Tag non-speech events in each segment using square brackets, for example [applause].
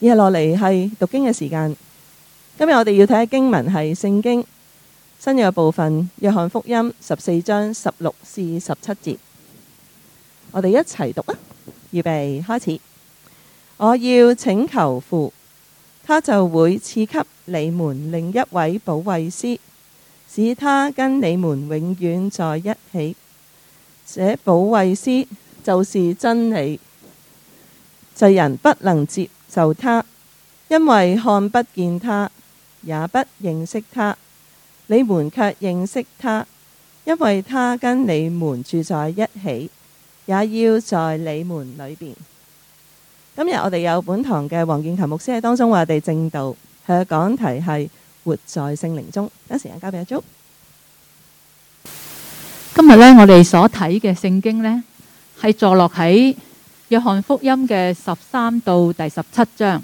以下落嚟係讀經嘅時間。今日我哋要睇嘅經文係《聖經》新約部分，約翰福音十四章十六至十七節。我哋一齊讀啊！預備開始。我要請求父，他就會賜給你們另一位保惠師，使他跟你們永遠在一起。這保惠師就是真理，世人不能接。就他，因為看不見他，也不認識他。你們卻認識他，因為他跟你們住在一起，也要在你們裏邊。今日我哋有本堂嘅黃建勤牧師喺當中為，我哋正道，佢嘅講題係活在聖靈中。等時間交俾阿叔。今日咧，我哋所睇嘅聖經咧，係坐落喺。約翰福音嘅十三到第十七章，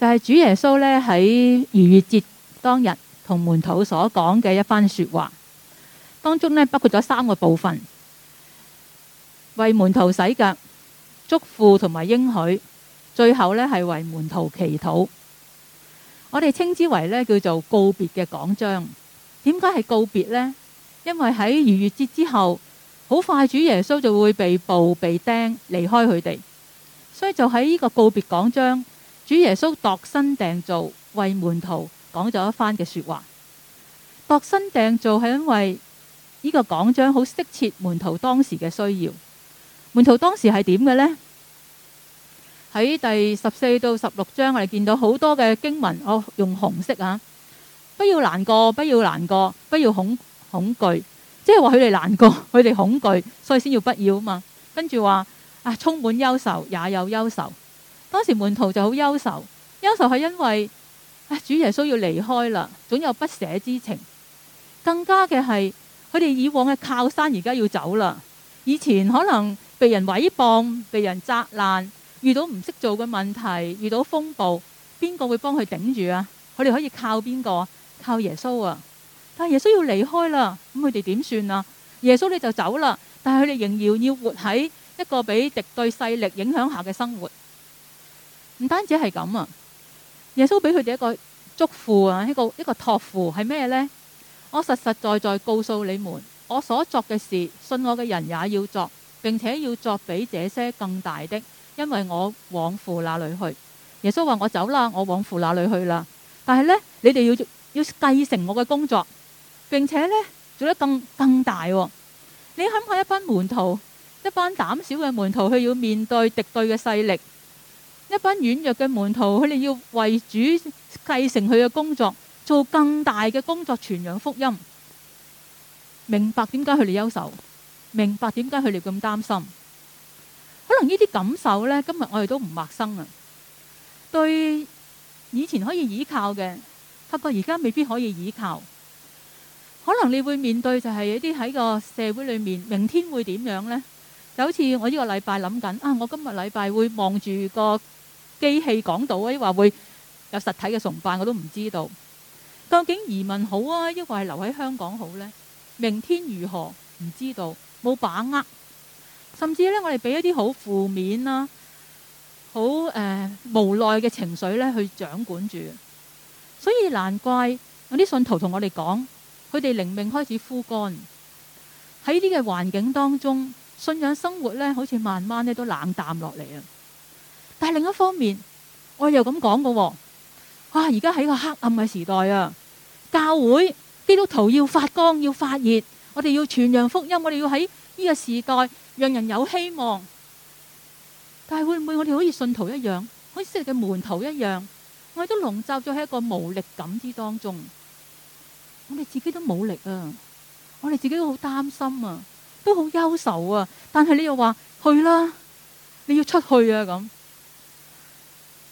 就係、是、主耶穌咧喺逾越節當日同門徒所講嘅一番說話，當中咧包括咗三個部分：為門徒洗腳、囑咐同埋應許，最後咧係為門徒祈禱。我哋稱之為咧叫做告別嘅講章。點解係告別呢？因為喺逾越節之後。好快，主耶穌就會被捕被釘，離開佢哋。所以就喺呢個告別講章，主耶穌度身訂造為門徒講咗一番嘅說話。度身訂造係因為呢個講章好適切門徒當時嘅需要。門徒當時係點嘅呢？喺第十四到十六章，我哋見到好多嘅經文，我用紅色啊！不要難過，不要難過，不要恐恐懼。即係話佢哋難過，佢哋恐懼，所以先要不要啊嘛？跟住話啊，充滿憂愁，也有憂愁。當時門徒就好憂愁，憂愁係因為啊，主耶穌要離開啦，總有不捨之情。更加嘅係，佢哋以往嘅靠山而家要走啦。以前可能被人毀謗、被人責難，遇到唔識做嘅問題，遇到風暴，邊個會幫佢頂住啊？佢哋可以靠邊個？靠耶穌啊！但係耶穌要離開啦，咁佢哋點算啊？耶穌你就走啦，但係佢哋仍然要活喺一個俾敵對勢力影響下嘅生活。唔單止係咁啊，耶穌俾佢哋一個祝福啊，一個一個託付係咩呢？我實實在在告訴你們，我所作嘅事，信我嘅人也要作，並且要作比這些更大的，因為我往父那裡去。耶穌話，我走啦，我往父那裡去啦。但係咧，你哋要要繼承我嘅工作。並且咧做得更更大。你看我一班門徒，一班膽小嘅門徒，佢要面對敵對嘅勢力；一班軟弱嘅門徒，佢哋要為主繼承佢嘅工作，做更大嘅工作，傳揚福音。明白點解佢哋憂愁？明白點解佢哋咁擔心？可能呢啲感受咧，今日我哋都唔陌生啊！對以前可以倚靠嘅，發覺而家未必可以倚靠。可能你會面對就係一啲喺個社會裏面，明天會點樣呢？就好似我呢個禮拜諗緊啊，我今日禮拜會望住個機器講到啊，抑或話會有實體嘅崇拜，我都唔知道究竟移民好啊，抑或係留喺香港好呢？明天如何唔知道，冇把握，甚至咧，我哋俾一啲好負面啦、啊，好誒、呃、無奈嘅情緒咧去掌管住，所以難怪有啲信徒同我哋講。佢哋靈命開始枯乾，喺呢個環境當中，信仰生活咧，好似慢慢咧都冷淡落嚟啊。但係另一方面，我又咁講嘅喎，啊！而家係個黑暗嘅時代啊，教會基督徒要發光，要發熱，我哋要傳揚福音，我哋要喺呢個時代讓人有希望。但係會唔會我哋好似信徒一樣，好似嘅門徒一樣，我哋都籠罩咗喺一個無力感之當中？我哋自己都冇力啊！我哋自己都好擔心啊，都好憂愁啊。但係你又話去啦，你要出去啊咁。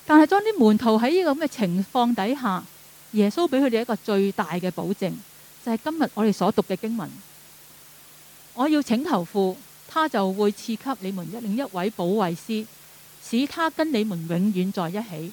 但係將啲門徒喺呢個咁嘅情況底下，耶穌俾佢哋一個最大嘅保證，就係、是、今日我哋所讀嘅經文。我要請求父，他就會賜給你們一另一位保惠師，使他跟你們永遠在一起。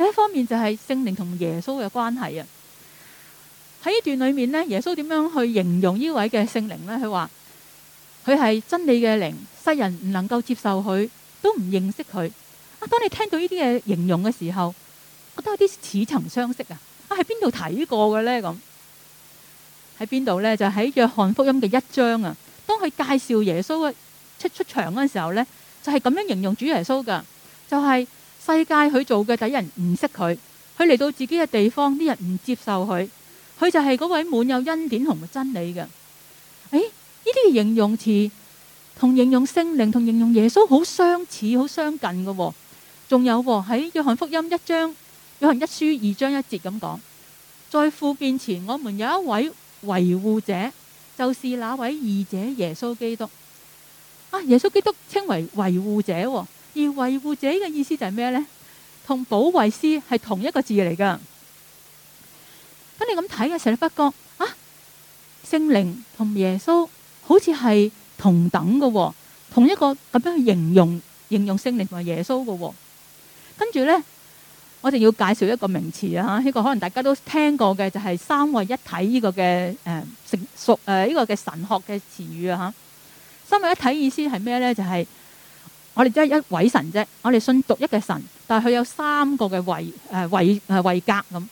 第一方面就係聖靈同耶穌嘅關係啊，喺呢段裏面咧，耶穌點樣去形容位聖呢位嘅聖靈咧？佢話佢係真理嘅靈，世人唔能夠接受佢，都唔認識佢。啊，當你聽到呢啲嘅形容嘅時候，我都有啲似曾相識啊！啊，喺邊度睇過嘅咧咁？喺邊度咧？就喺約翰福音嘅一章啊。當佢介紹耶穌出出場嗰陣時候咧，就係、是、咁樣形容主耶穌噶，就係、是。世界佢做嘅啲人唔識佢，佢嚟到自己嘅地方啲人唔接受佢，佢就係嗰位滿有恩典同埋真理嘅。誒，呢啲形容詞同形容聖靈同形容耶穌好相似，好相近嘅，哦。仲有喺約翰福音一章，約翰一書二章一節咁講，在父面前我們有一位維護者，就是那位義者耶穌基督。啊，耶穌基督稱為維護者，哦。而維護者嘅意思就係咩咧？同保惠師係同一個字嚟噶。咁你咁睇嘅時候，你不覺啊，聖靈同耶穌好似係同等嘅、哦，同一個咁樣去形容形容聖靈同埋耶穌嘅、哦。跟住咧，我哋要介紹一個名詞啊，呢、這個可能大家都聽過嘅，就係、是、三位一體呢個嘅誒、呃、神屬誒呢個嘅神學嘅詞語啊。吓，三位一體意思係咩咧？就係、是。我哋只係一位神啫，我哋信獨一嘅神，但係佢有三個嘅位誒位誒位格咁。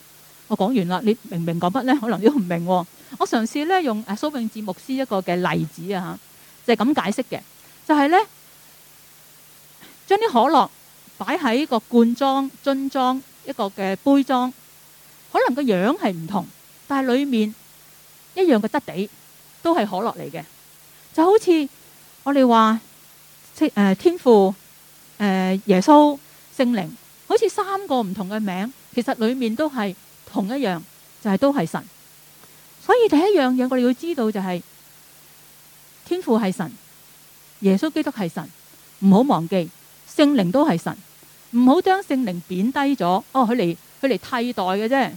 我講完啦，你明唔明講乜咧？可能你都唔明，哦。我嘗試咧用蘇永志牧師一個嘅例子啊吓，就係、是、咁解釋嘅，就係咧將啲可樂擺喺個罐裝、樽裝、一個嘅杯裝，可能個樣係唔同，但係裏面一樣嘅質地都係可樂嚟嘅，就好似我哋話。誒，天父，誒、呃，耶穌，聖靈，好似三個唔同嘅名，其實裏面都係同一樣，就係、是、都係神。所以第一樣嘢我哋要知道就係、是，天父係神，耶穌基督係神，唔好忘記聖靈都係神，唔好將聖靈貶低咗。哦，佢嚟佢嚟替代嘅啫，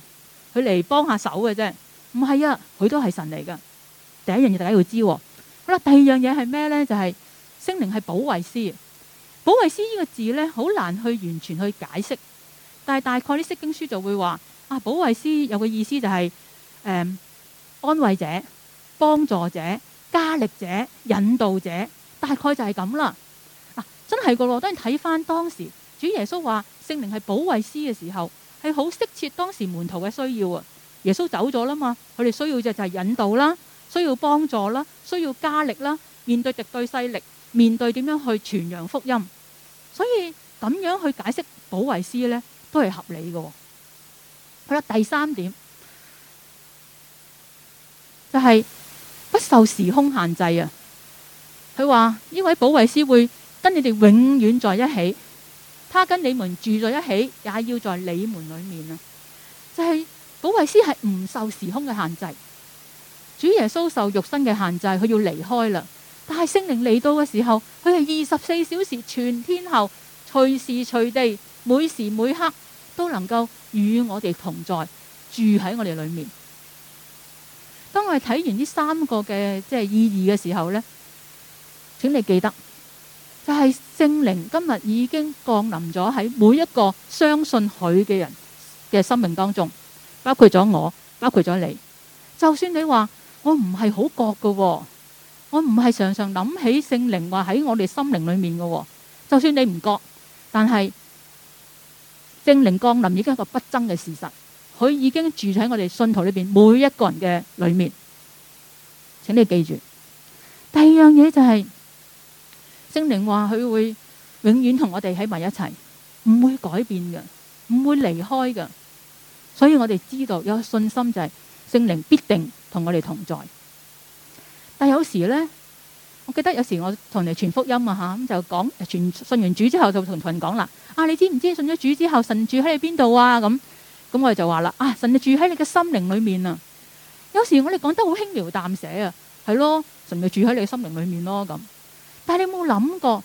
佢嚟幫下手嘅啫，唔係啊，佢都係神嚟㗎。第一樣嘢大家要知。好啦，第二樣嘢係咩咧？就係、是。聖靈係保惠師，保惠師呢個字呢，好難去完全去解釋，但係大概啲釋經書就會話啊，保惠師有個意思就係、是，誒、呃，安慰者、幫助者、加力者、引導者，大概就係咁啦。真係個咯，當然睇翻當時主耶穌話聖靈係保惠師嘅時候，係好適切當時門徒嘅需要啊。耶穌走咗啦嘛，佢哋需要嘅就係引導啦，需要幫助啦，需要加力啦，面對敵對勢力。面對點樣去傳揚福音，所以咁樣去解釋保惠師呢，都係合理嘅。好啦，第三點就係不受時空限制啊。佢話呢位保惠師會跟你哋永遠在一起，他跟你們住在一起，也要在你們裏面啊。就係保惠師係唔受時空嘅限制。主耶穌受肉身嘅限制，佢要離開啦。但係聖靈嚟到嘅時候，佢係二十四小時、全天候、隨時隨地、每時每刻都能夠與我哋同在，住喺我哋裏面。當我哋睇完呢三個嘅即係意義嘅時候呢，請你記得，就係聖靈今日已經降臨咗喺每一個相信佢嘅人嘅生命當中，包括咗我，包括咗你。就算你話我唔係好覺㗎喎。我唔係常常諗起聖靈話喺我哋心靈裏面嘅，哦，就算你唔覺，但係聖靈降臨已經係一個不爭嘅事實，佢已經住喺我哋信徒裏邊每一個人嘅裏面。請你記住，第二樣嘢就係、是、聖靈話佢會永遠同我哋喺埋一齊，唔會改變嘅，唔會離開嘅。所以我哋知道有信心就係、是、聖靈必定同我哋同在。但有時咧，我記得有時我同你傳福音啊吓，咁就講傳信完主之後就，就同群講啦。啊，你知唔知信咗主之後，神住喺你邊度啊？咁咁我哋就話啦，啊，啊，神就住喺你嘅心靈裏面啊。有時我哋講得好輕描淡寫啊，係咯，神就住喺你嘅心靈裏面咯咁。但係你有冇諗過，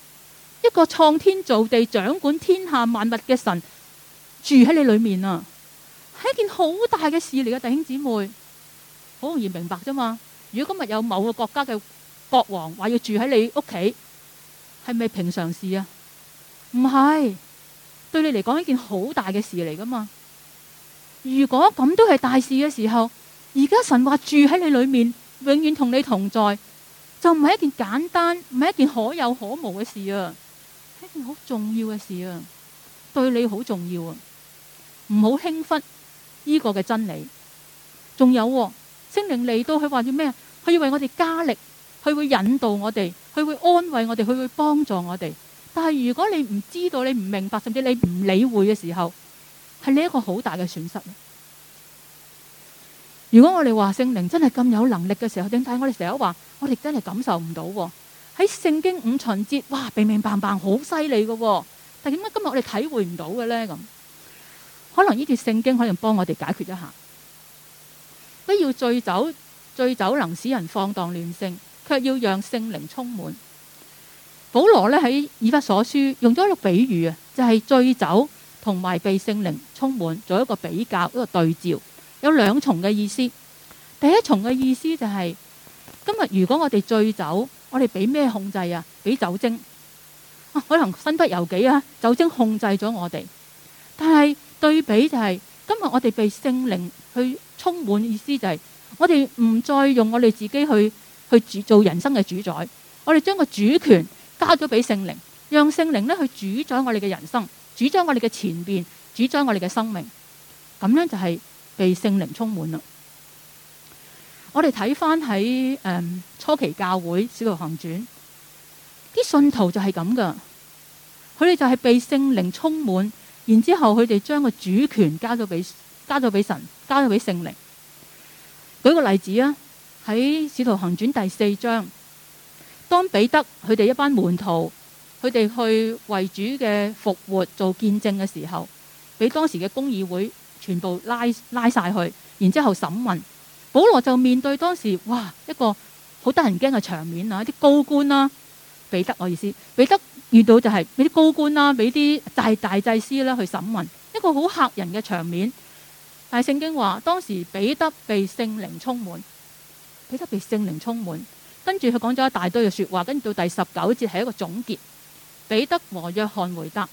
一個創天造地、掌管天下萬物嘅神住喺你裏面啊？係一件好大嘅事嚟嘅，弟兄姊妹，好容易明白啫嘛。如果今日有某個國家嘅國王話要住喺你屋企，係咪平常事啊？唔係，對你嚟講一件好大嘅事嚟噶嘛。如果咁都係大事嘅時候，而家神話住喺你裏面，永遠同你同在，就唔係一件簡單，唔係一件可有可無嘅事啊，係一件好重要嘅事啊，對你好重要啊，唔好輕忽呢個嘅真理。仲有啊。聖靈嚟到，佢話要咩？佢要為我哋加力，佢會引導我哋，佢會安慰我哋，佢會幫助我哋。但係如果你唔知道，你唔明白，甚至你唔理會嘅時候，係你一個好大嘅損失。如果我哋話聖靈真係咁有能力嘅時候，點解我哋成日話我哋真係感受唔到？喺聖經五旬節，哇，明明白白好犀利嘅，但係點解今日我哋體會唔到嘅咧？咁可能呢段聖經可能幫我哋解決一下。不要醉酒，醉酒能使人放蕩亂性，卻要讓聖靈充滿。保羅咧喺以弗所書用咗一個比喻啊，就係、是、醉酒同埋被聖靈充滿做一個比較，一個對照，有兩重嘅意思。第一重嘅意思就係、是、今日如果我哋醉酒，我哋俾咩控制啊？俾酒精，可能身不由己啊，酒精控制咗我哋。但係對比就係、是、今日我哋被聖靈去。充滿意思就係、是，我哋唔再用我哋自己去去主做人生嘅主宰，我哋將個主權交咗俾聖靈，讓聖靈咧去主宰我哋嘅人生，主宰我哋嘅前邊，主宰我哋嘅生命，咁樣就係被聖靈充滿啦。我哋睇翻喺誒初期教會《使徒行傳》，啲信徒就係咁㗎，佢哋就係被聖靈充滿。然之後，佢哋將個主權交咗俾交咗俾神，交咗俾聖靈。舉個例子啊，喺《使徒行傳》第四章，當彼得佢哋一班門徒，佢哋去為主嘅復活做見證嘅時候，俾當時嘅公議會全部拉拉曬去，然之後審問。保羅就面對當時哇一個好得人驚嘅場面啊！一啲高官啦，彼得我意思，彼得。遇到就係俾啲高官啦、啊，俾啲大大祭司啦、啊、去審問，一個好吓人嘅場面。但係聖經話，當時彼得被聖靈充滿，彼得被聖靈充滿，跟住佢講咗一大堆嘅說話，跟住到第十九節係一個總結。彼得和約翰回答：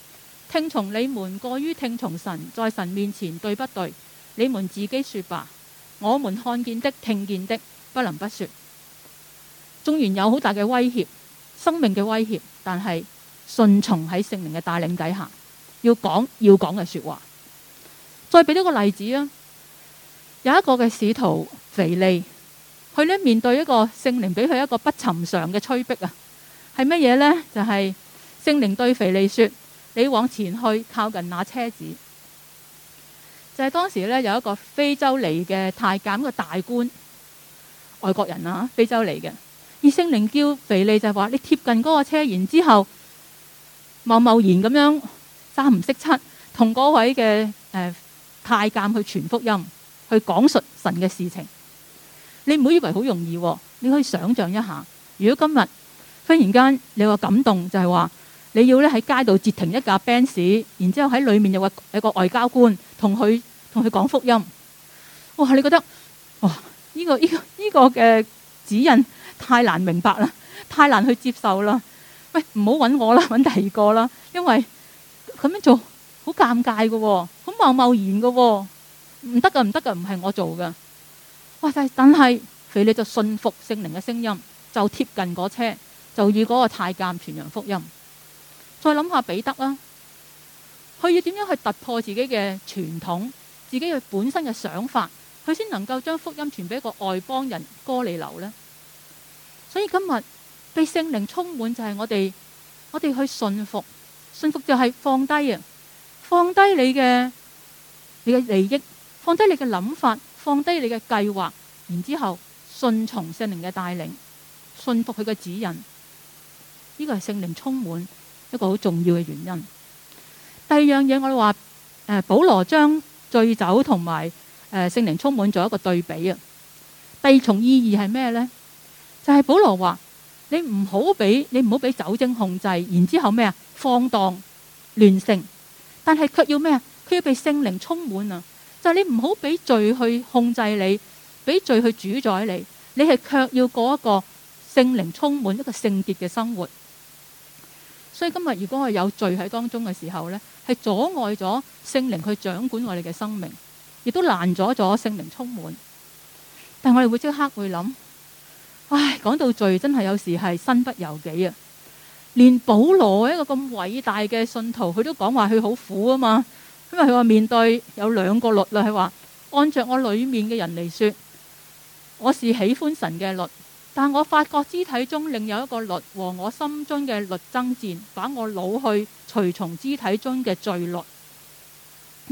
聽從你們過於聽從神，在神面前對不對？你們自己說吧。我們看見的、聽見的，不能不說。縱然有好大嘅威脅、生命嘅威脅，但係。順從喺聖靈嘅帶領底下，要講要講嘅説話。再俾多個例子啊，有一個嘅使徒腓利，佢咧面對一個聖靈俾佢一個不尋常嘅催逼啊，係乜嘢呢？就係聖靈對腓利説：你往前去靠近那車子，就係當時咧有一個非洲嚟嘅太監嘅大官，外國人啊，非洲嚟嘅。而聖靈叫腓利就係話：你貼近嗰個車，然之後。貿貿然咁樣三唔識七，同嗰位嘅誒、呃、太監去傳福音，去講述神嘅事情。你唔好以為好容易、哦，你可以想象一下。如果今日忽然間你話感動，就係、是、話你要咧喺街度截停一架巴士，然之後喺裏面又話有個外交官同佢同佢講福音。哇！你覺得哇？呢、這個呢、這個呢、這個嘅指引太難明白啦，太難去接受啦。喂，唔好揾我啦，揾第二個啦，因為咁樣做好尷尬嘅，好貿貿然嘅，唔得噶，唔得噶，唔係我做噶。哇！但係但係，腓力就信服聖靈嘅聲音，就貼近嗰車，就與嗰個太監傳揚福音。再諗下彼得啦，佢要點樣去突破自己嘅傳統，自己嘅本身嘅想法，佢先能夠將福音傳俾一個外邦人哥尼流咧。所以今日。被聖靈充滿就係我哋，我哋去信服，信服就係放低啊，放低你嘅，你嘅利益，放低你嘅諗法，放低你嘅計劃，然之後順從聖靈嘅帶領，信服佢嘅指引，呢、呢個係聖靈充滿一個好重要嘅原因。第二樣嘢我哋話，誒、呃、保羅將醉酒同埋誒聖靈充滿做一個對比啊。第二重意義係咩咧？就係、是、保羅話。你唔好俾你唔好俾酒精控制，然之後咩啊放蕩、亂性，但係卻要咩啊？佢要被聖靈充滿啊！就係你唔好俾罪去控制你，俾罪去主宰你，你係卻要過一個聖靈充滿一個聖潔嘅生活。所以今日如果我有罪喺當中嘅時候呢，係阻礙咗聖靈去掌管我哋嘅生命，亦都攔阻咗聖靈充滿。但係我哋會即刻會諗。唉，講到罪真係有時係身不由己啊！連保羅一個咁偉大嘅信徒，佢都講話佢好苦啊嘛。因為佢話面對有兩個律啊，佢話按照我裏面嘅人嚟說，我是喜歡神嘅律，但我發覺肢體中另有一個律和我心中嘅律爭戰，把我擄去隨從肢體中嘅罪律，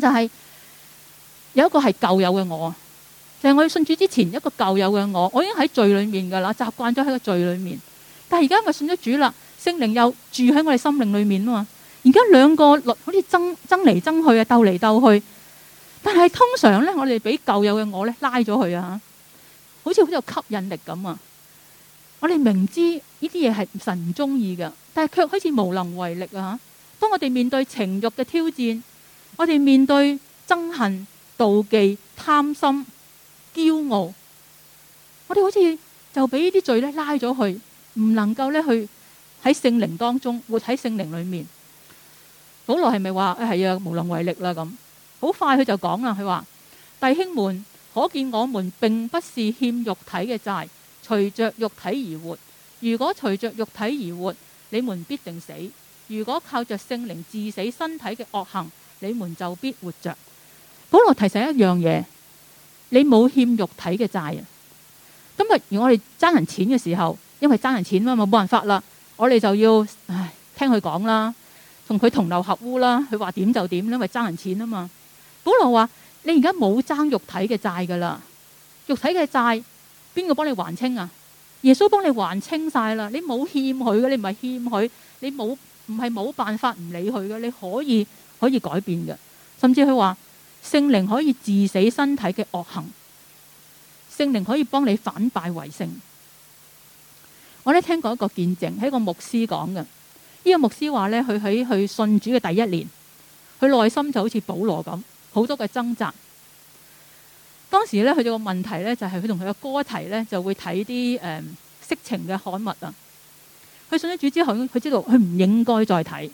就係、是、有一個係舊有嘅我。就係我要信主之前，一個舊友嘅我，我已經喺罪裏面噶啦，習慣咗喺個罪裏面。但係而家我信咗主啦，聖靈又住喺我哋心靈裏面啊嘛。而家兩個律好似爭爭嚟爭去啊，鬥嚟鬥去。但係通常咧，我哋俾舊友嘅我咧拉咗去啊，好似好有吸引力咁啊。我哋明知呢啲嘢係神唔中意嘅，但係卻好似無能為力啊。當我哋面對情欲嘅挑戰，我哋面對憎恨、妒忌、貪心。驕傲，我哋好似就俾呢啲罪咧拉咗去，唔能夠咧去喺聖靈當中活喺聖靈裏面。保羅係咪話？誒係啊，無能為力啦咁。好快佢就講啦，佢話弟兄們，可見我們並不是欠肉體嘅債，隨着肉體而活。如果隨着肉體而活，你們必定死；如果靠着聖靈致死身體嘅惡行，你們就必活着。保羅提醒一樣嘢。你冇欠肉體嘅債啊！今日如果我哋爭人錢嘅時候，因為爭人錢嘛、啊，冇辦法啦，我哋就要唉聽佢講啦，同佢同流合污啦，佢話點就點，因為爭人錢啊嘛。保羅話：你而家冇爭肉體嘅債噶啦，肉體嘅債邊個幫你還清啊？耶穌幫你還清晒啦，你冇欠佢嘅，你唔係欠佢，你冇唔係冇辦法唔理佢嘅，你可以可以改變嘅，甚至佢話。聖靈可以治死身體嘅惡行，聖靈可以幫你反敗為勝。我咧聽過一個見證，係一個牧師講嘅。呢個牧師話咧，佢喺去信主嘅第一年，佢內心就好似保羅咁，好多嘅掙扎。當時咧，佢有個問題咧，就係佢同佢嘅哥提咧就會睇啲誒色情嘅刊物啊。佢信咗主之後，佢知道佢唔應該再睇，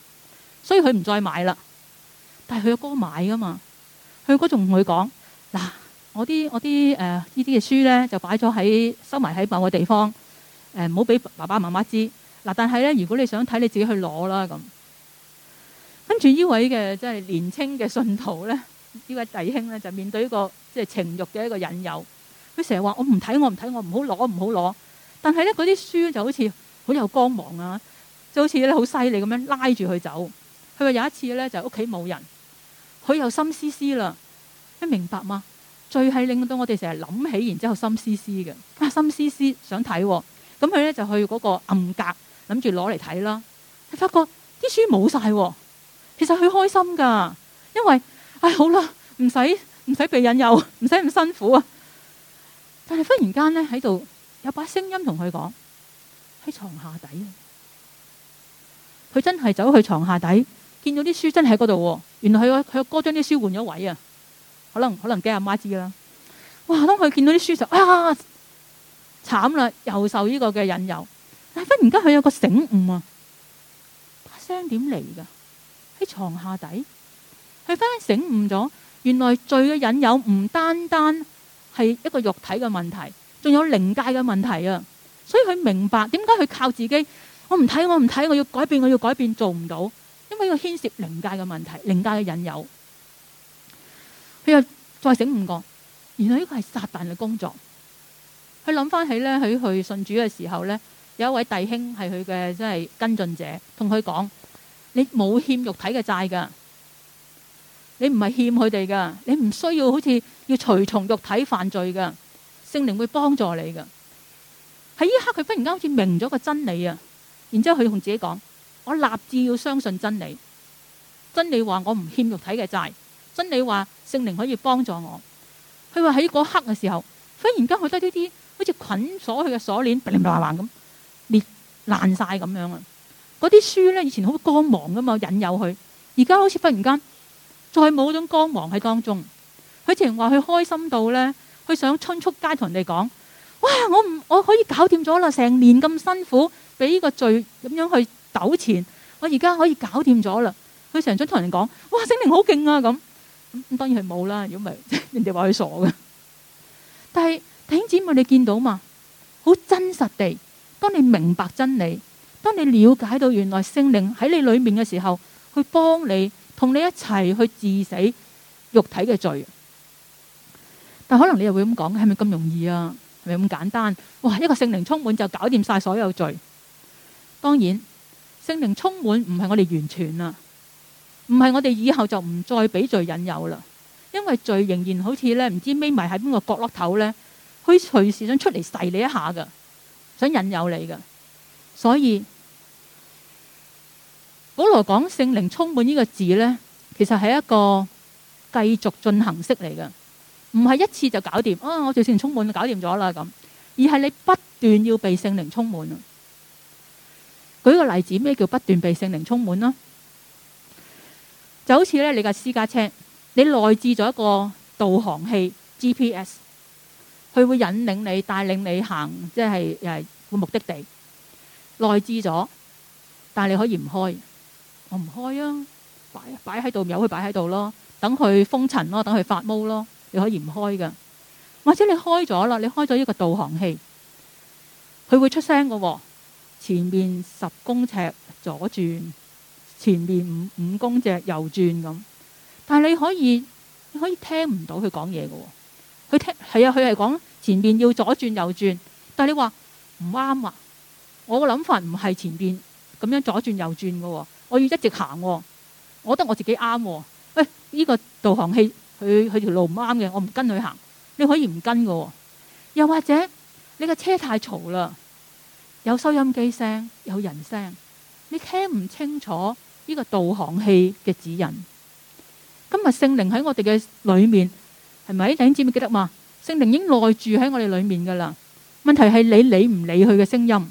所以佢唔再買啦。但係佢嘅哥買噶嘛。佢嗰仲會講嗱，我啲我啲誒、呃、呢啲嘅書咧就擺咗喺收埋喺某個地方，誒，唔好俾爸爸媽媽知。嗱，但係咧如果你想睇，你自己去攞啦咁。跟住呢位嘅即係年青嘅信徒咧，呢位弟兄咧就面對呢個即係、就是、情慾嘅一個引誘，佢成日話我唔睇，我唔睇，我唔好攞，唔好攞。但係咧嗰啲書就好似好有光芒啊，就好似咧好犀利咁樣拉住佢走。佢話有一次咧就屋企冇人。佢又心思思啦，你明白嗎？最係令到我哋成日諗起，然之後心思思嘅啊，心思思想睇，啊，咁佢咧就去嗰個暗格，諗住攞嚟睇啦。佢發覺啲書冇晒，啊，其實佢開心噶，因為唉，哎，好啦，唔使唔使被引誘，唔使咁辛苦啊。但係忽然間咧喺度有把聲音同佢講，喺床下底，佢真係走去床下底。見到啲書真喺嗰度，原來佢佢哥將啲書換咗位啊！可能可能驚阿媽知啦。哇，當佢見到啲書就啊，慘啦，又受呢個嘅引誘。但忽然間佢有個醒悟啊，把聲點嚟噶？喺床下底，佢忽然醒悟咗，原來罪嘅引誘唔單單係一個肉體嘅問題，仲有靈界嘅問題啊！所以佢明白點解佢靠自己，我唔睇我唔睇，我要改變我要改變，我要改變，做唔到。呢要牽涉靈界嘅問題，靈界嘅引誘，佢又再醒悟過，然後呢個係撒旦嘅工作。佢諗翻起咧，佢去信主嘅時候咧，有一位弟兄係佢嘅，即係跟進者，同佢講：你冇欠肉體嘅債噶，你唔係欠佢哋噶，你唔需要好似要隨從肉體犯罪噶，聖靈會幫助你噶。喺呢一刻，佢忽然間好似明咗個真理啊！然之後佢同自己講。我立志要相信真理。真理話我唔欠肉體嘅債。真理話聖靈可以幫助我。佢話喺嗰刻嘅時候，忽然間佢得嚏嚏嚏呢啲好似捆鎖佢嘅鎖鏈，唪唪唪唪咁裂爛晒咁樣啊！嗰啲書咧，以前好光芒噶嘛，引誘佢，而家好似忽然間再冇種光芒喺當中。佢直情話佢開心到咧，佢想春促街同人哋講，哇！我唔我可以搞掂咗啦，成年咁辛苦，俾呢個罪咁樣去。手前，我而家可以搞掂咗啦。佢成日想同人講，哇，聖靈好勁啊！咁咁，當然係冇啦。如果唔係，人哋話佢傻㗎。但係弟兄姊妹，你見到嘛？好真實地，當你明白真理，當你了解到原來聖靈喺你裏面嘅時候，去幫你同你一齊去治死肉體嘅罪。但可能你又會咁講，係咪咁容易啊？係咪咁簡單？哇！一個聖靈充滿就搞掂晒所有罪。當然。聖靈充滿唔係我哋完全啦，唔係我哋以後就唔再俾罪引誘啦，因為罪仍然好似咧唔知匿埋喺邊個角落頭咧，佢可以隨時想出嚟噬你一下噶，想引誘你噶，所以保羅講聖靈充滿呢個字咧，其實係一個繼續進行式嚟嘅，唔係一次就搞掂啊！我就聖靈充滿就搞掂咗啦咁，而係你不斷要被聖靈充滿。舉個例子，咩叫不斷被聖靈充滿啦？就好似咧，你架私家車，你內置咗一個導航器 GPS，佢會引領你、帶領你行，即係誒個目的地。內置咗，但係你可以唔開，我唔開啊！擺擺喺度，由佢擺喺度咯，等佢封塵咯，等佢發毛咯，你可以唔開噶。或者你開咗啦，你開咗一個導航器，佢會出聲噶、啊。前面十公尺左轉，前面五五公尺右轉咁，但係你可以，你可以聽唔到佢講嘢嘅。佢聽係啊，佢係講前面要左轉右轉，但係你話唔啱啊！我個諗法唔係前邊咁樣左轉右轉嘅、哦，我要一直行、哦。我覺得我自己啱、哦。誒、哎，呢、這個導航器佢佢條路唔啱嘅，我唔跟佢行。你可以唔跟嘅、哦。又或者你個車太嘈啦。有收音機聲，有人聲，你聽唔清楚呢個導航器嘅指引。今日聖靈喺我哋嘅裏面，係咪？你知唔記得嘛？聖靈已經內住喺我哋裏面噶啦。問題係你理唔理佢嘅聲音？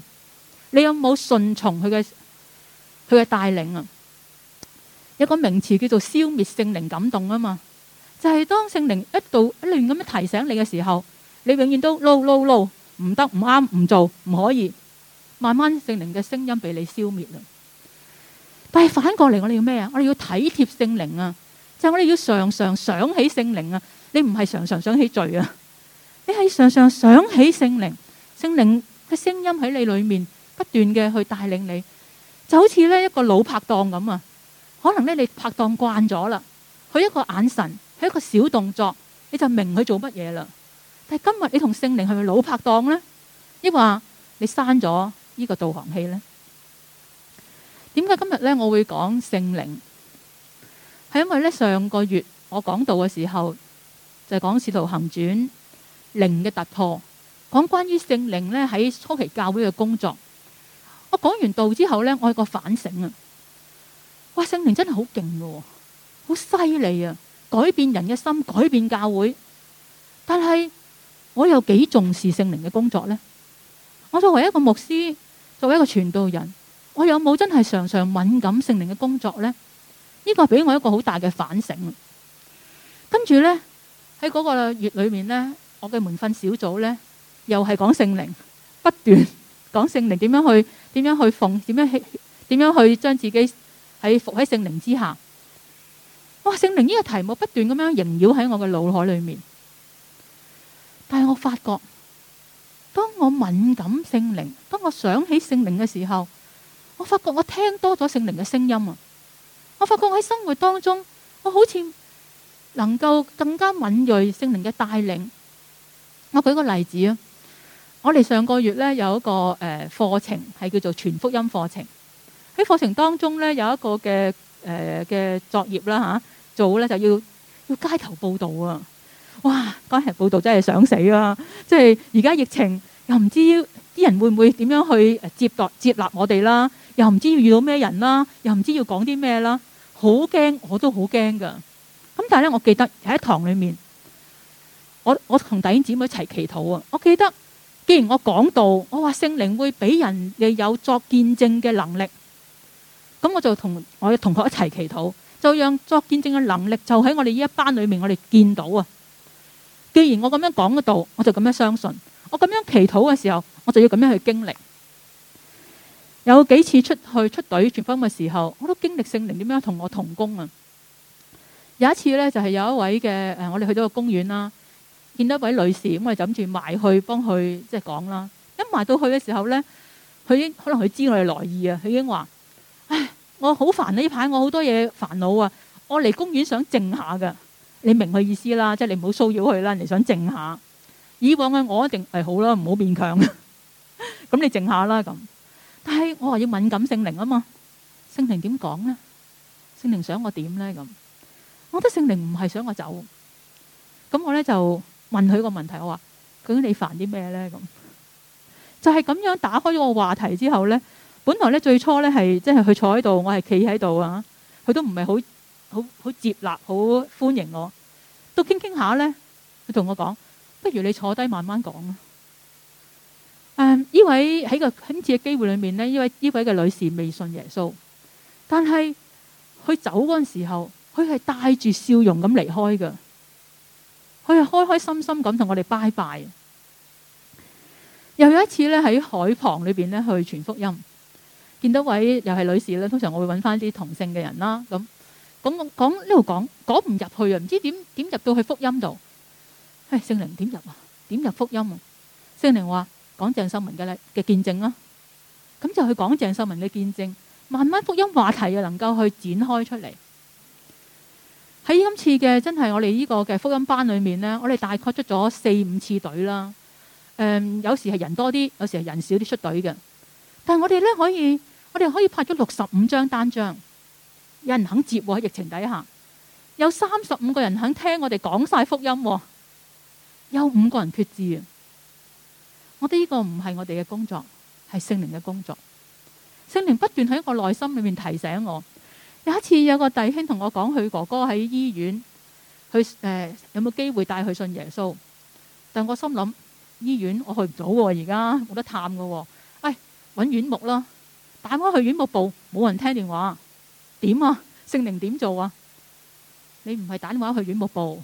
你有冇順從佢嘅佢嘅帶領啊？有個名詞叫做消滅聖靈感動啊嘛，就係當聖靈一度一亂咁樣提醒你嘅時候，你永遠都 no no no，唔得唔啱唔做唔可以。慢慢聖靈嘅聲音被你消滅啦，但係反過嚟，我哋要咩啊？我哋要體貼聖靈啊！就係我哋要常常想起聖靈啊！你唔係常常想起罪啊，你係常常想起聖靈，聖靈嘅聲音喺你裏面不斷嘅去帶領你，就好似咧一個老拍檔咁啊！可能咧你拍檔慣咗啦，佢一個眼神，佢一個小動作，你就明佢做乜嘢啦。但係今日你同聖靈係咪老拍檔呢？抑話你刪咗？呢個導航器呢？點解今日呢？我會講聖靈？係因為呢，上個月我講道嘅時候就講《使徒行傳》靈嘅突破，講關於聖靈呢，喺初期教會嘅工作。我講完道之後呢，我有個反省啊！哇，聖靈真係好勁嘅，好犀利啊！改變人嘅心，改變教會。但係我有幾重視聖靈嘅工作呢？我作為一個牧師。作為一個傳道人，我有冇真係常常敏感聖靈嘅工作呢？呢個俾我一個好大嘅反省。跟住呢，喺嗰個月裏面呢，我嘅門訓小組呢，又係講聖靈，不斷講聖靈點樣去，點樣去奉，點樣去，點樣去將自己喺服喺聖靈之下。哇！聖靈呢個題目不斷咁樣縈繞喺我嘅腦海裏面，但係我發覺。我敏感聖靈，當我想起聖靈嘅時候，我發覺我聽多咗聖靈嘅聲音啊！我發覺我喺生活當中，我好似能夠更加敏銳聖靈嘅帶領。我舉個例子啊，我哋上個月咧有一個誒課程係叫做全福音課程。喺課程當中咧有一個嘅誒嘅作業啦吓，做、啊、咧就要要街頭報道啊！哇，街頭報道真係想死啊！即係而家疫情。又唔知啲人會唔會點樣去接待接納我哋啦？又唔知要遇到咩人啦？又唔知要講啲咩啦？好驚，我都好驚噶。咁但係咧，我記得喺堂裏面，我我同弟兄姊妹一齊祈禱啊。我記得既然我講到，我話聖靈會俾人亦有作見證嘅能力，咁我就同我嘅同學一齊祈禱，就讓作見證嘅能力就喺我哋呢一班裏面，我哋見到啊。既然我咁樣講嘅度，我就咁樣相信。我咁樣祈禱嘅時候，我就要咁樣去經歷。有幾次出去出隊傳福音嘅時候，我都經歷聖靈點樣同我同工啊！有一次咧，就係、是、有一位嘅誒，我哋去咗個公園啦，見到一位女士，咁我就諗住埋去幫佢即係講啦。一埋到去嘅時候咧，佢已經可能佢知我嘅來意啊，佢已經話：唉，我好煩呢排，我好多嘢煩惱啊！我嚟公園想靜下噶，你明佢意思啦，即、就、係、是、你唔好騷擾佢啦，你想靜下。以往嘅我一定係好啦，唔好勉強。咁你靜下啦咁。但係我話要敏感聖靈啊嘛，聖靈點講咧？聖靈想我點咧咁？我覺得聖靈唔係想我走。咁我咧就問佢個問題，我話：究竟你煩啲咩咧？咁就係咁樣打開咗個話題之後咧，本來咧最初咧係即係佢坐喺度，我係企喺度啊。佢都唔係好好好接納，好歡迎我。都傾傾下咧，佢同我講。不如你坐低慢慢講啦。嗯，呢位喺個今次嘅機會裏面咧，呢位呢位嘅女士未信耶穌，但係佢走嗰陣時候，佢係帶住笑容咁離開嘅，佢係開開心心咁同我哋拜拜。又有一次咧，喺海旁裏邊咧去傳福音，見到位又係女士咧，通常我會揾翻啲同性嘅人啦，咁咁講呢度講講唔入去啊，唔知點點入到去福音度。唉，聖靈點入啊？點入福音啊？聖靈話：講鄭秀文嘅例嘅見證啦、啊，咁就去講鄭秀文嘅見證，慢慢福音話題又能夠去展開出嚟。喺今次嘅真係我哋呢個嘅福音班裏面咧，我哋大概出咗四五次隊啦。誒、呃，有時係人多啲，有時係人少啲出隊嘅。但係我哋咧可以，我哋可以拍咗六十五張單張，有人肯接喎、啊。喺疫情底下，有三十五個人肯聽我哋講晒福音、啊。有五個人決志啊！我哋呢個唔係我哋嘅工作，係聖靈嘅工作。聖靈不斷喺我內心裏面提醒我。有一次有個弟兄同我講，佢哥哥喺醫院去，佢、呃、誒有冇機會帶佢信耶穌？但我心諗，醫院我去唔到嘅，而家冇得探嘅、啊。唉、哎，搵院牧啦，打電話去院牧部，冇人聽電話，點啊？聖靈點做啊？你唔係打電話去院牧部。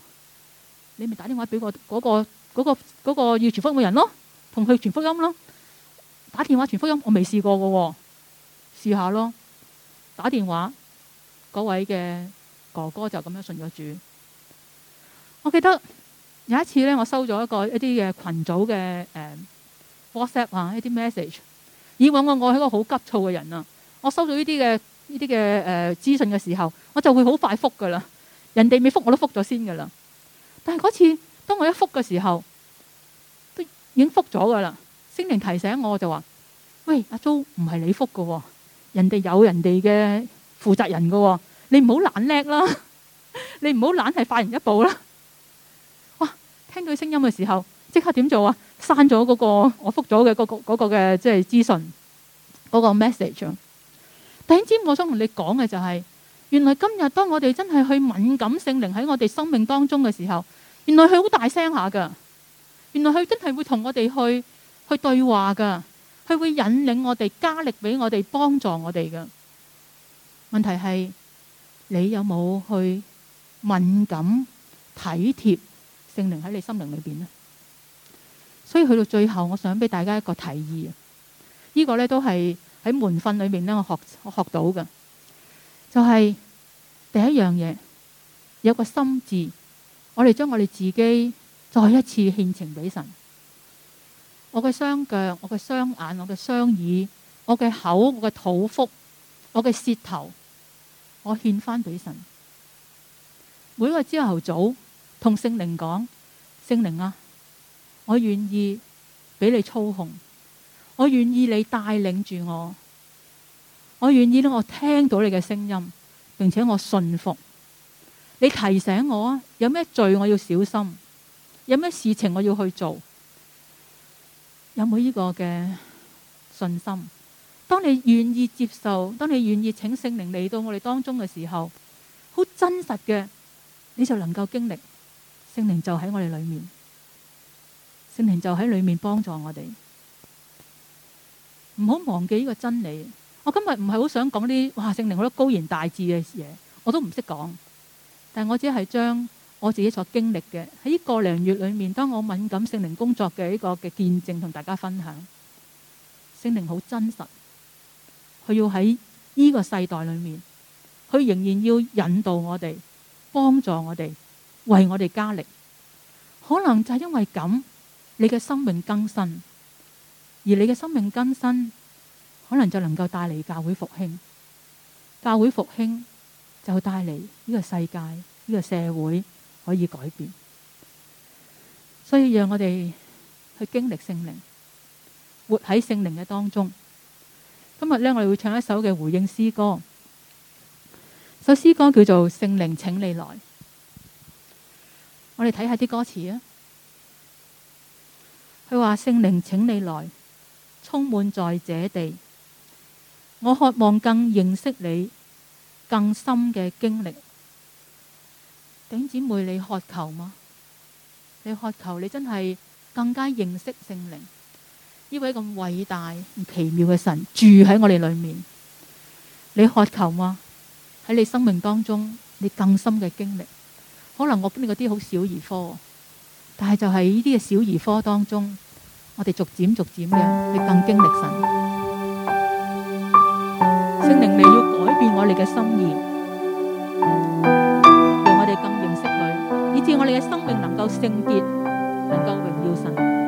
你咪打電話俾嗰個、嗰個、嗰個、嗰個要傳福音嘅人咯，同佢傳福音咯。打電話傳福音，我未試過㗎喎，試下咯。打電話嗰位嘅哥哥就咁樣信咗主。我記得有一次咧，我收咗一個一啲嘅群組嘅誒、呃、WhatsApp 啊，一啲 message。以往我我係一個好急躁嘅人啊，我收到呢啲嘅呢啲嘅誒資訊嘅時候，我就會好快覆㗎喇。人哋未覆，我都覆咗先㗎喇。但係嗰次，當我一覆嘅時候，都已經覆咗嘅啦。聖靈提醒我，就話：喂，阿 Jo 唔係你覆嘅，人哋有人哋嘅負責人嘅，你唔好懶叻啦，你唔好懶係快人一步啦。哇！聽到聲音嘅時候，即刻點做啊？刪咗嗰個我覆咗嘅嗰個嘅即係資訊嗰、嗰個 message。頂尖，我想同你講嘅就係、是。原來今日當我哋真係去敏感聖靈喺我哋生命當中嘅時候，原來佢好大聲下噶原來佢真係會同我哋去去對話噶佢會引領我哋加力俾我哋幫助我哋噶問題係你有冇去敏感體貼聖靈喺你心靈裏邊呢？所以去到最後，我想俾大家一個提議，呢個呢都係喺門訓裏面呢，我學我學到嘅，就係。第一樣嘢，有個心志，我哋將我哋自己再一次獻呈俾神。我嘅雙腳，我嘅雙眼，我嘅雙耳，我嘅口，我嘅肚腹，我嘅舌頭，我獻翻俾神。每個朝頭早，同聖靈講，聖靈啊，我願意俾你操控，我願意你帶領住我，我願意我聽到你嘅聲音。並且我信服，你提醒我啊，有咩罪我要小心，有咩事情我要去做，有冇呢個嘅信心？當你願意接受，當你願意請聖靈嚟到我哋當中嘅時候，好真實嘅，你就能夠經歷聖靈就喺我哋裏面，聖靈就喺裏面幫助我哋，唔好忘記呢個真理。我今日唔係好想講啲哇聖靈好多高言大智嘅嘢，我都唔識講。但係我只係將我自己所經歷嘅喺個零月裏面，當我敏感聖靈工作嘅一個嘅見證同大家分享，聖靈好真實。佢要喺呢個世代裏面，佢仍然要引導我哋，幫助我哋，為我哋加力。可能就係因為咁，你嘅生命更新，而你嘅生命更新。可能就能夠帶嚟教會復興，教會復興就帶嚟呢個世界、呢個社會可以改變，所以讓我哋去經歷聖靈，活喺聖靈嘅當中。今日呢，我哋會唱一首嘅回應詩歌，首詩歌叫做《聖靈，請你來》。我哋睇下啲歌詞啊，佢話聖靈，請你來，充滿在這地。我渴望更認識你，更深嘅經歷。弟兄姊妹，你渴求嗎？你渴求你真係更加認識聖靈，呢位咁偉大、咁奇妙嘅神住喺我哋裏面。你渴求嗎？喺你生命當中，你更深嘅經歷。可能我俾你嗰啲好小兒科，但係就係呢啲嘅小兒科當中，我哋逐漸、逐漸嘅你更經歷神。聖靈，你要改變我哋嘅心意，讓我哋更認識佢，以至我哋嘅生命能夠聖潔，能夠榮耀神。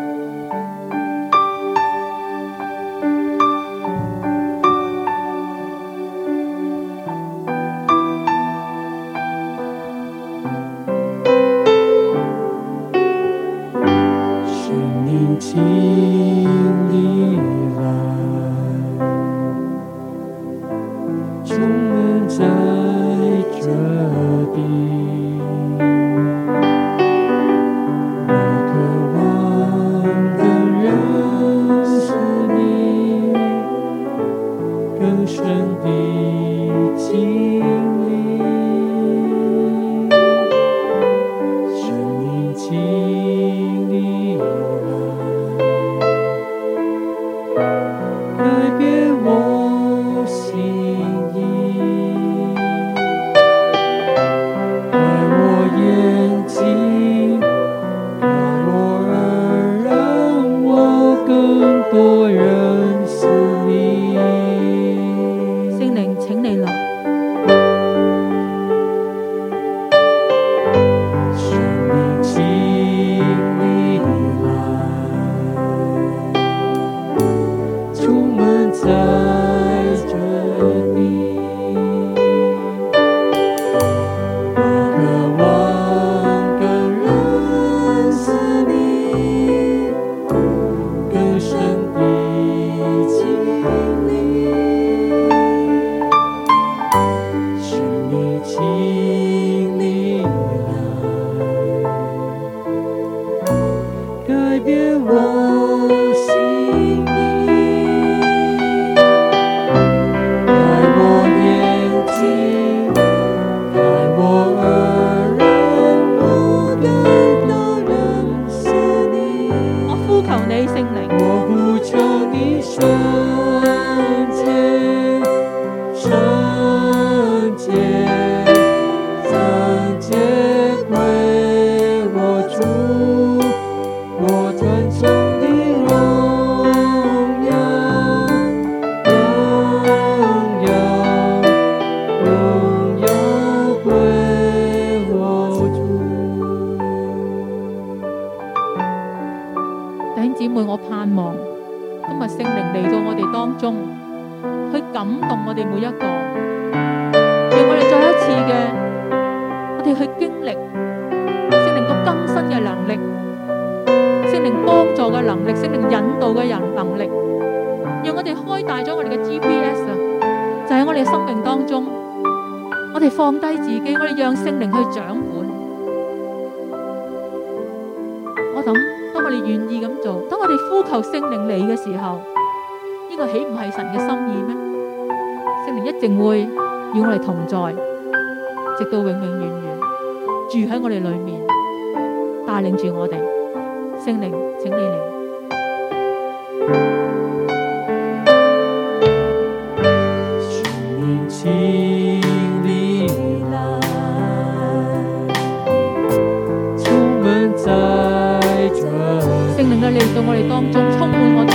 在我哋當中，充滿我。 [noise]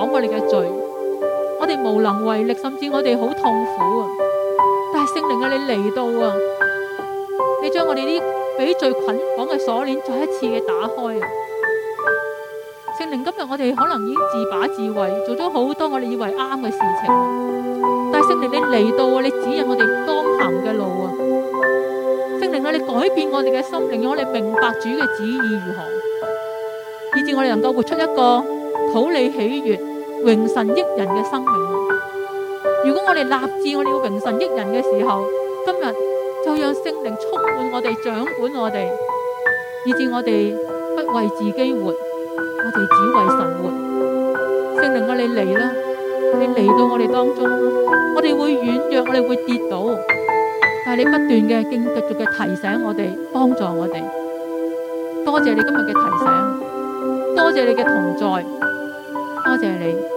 講我哋嘅罪，我哋無能為力，甚至我哋好痛苦啊！但係聖靈啊，你嚟到啊，你將我哋啲俾罪捆綁嘅鎖鏈再一次嘅打開啊！聖靈，今日我哋可能已經自把自為，做咗好多我哋以為啱嘅事情，但係聖靈你嚟到啊，你指引我哋當行嘅路啊！聖靈啊，你改變我哋嘅心靈，我哋明白主嘅旨意如何，以致我哋能夠活出一個討你喜悅。榮神益人嘅生命。如果我哋立志，我哋要榮神益人嘅時候，今日就讓聖靈充滿我哋，掌管我哋，以致我哋不為自己活，我哋只為神活。聖靈啊，我哋嚟啦，你嚟到我哋當中咯，我哋會軟弱，我哋會跌倒，但係你不斷嘅經，繼續嘅提醒我哋，幫助我哋。多謝你今日嘅提醒，多謝你嘅同在，多謝你。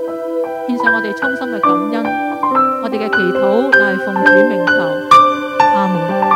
獻上我哋衷心嘅感恩，我哋嘅祈禱乃係奉主名求，阿門。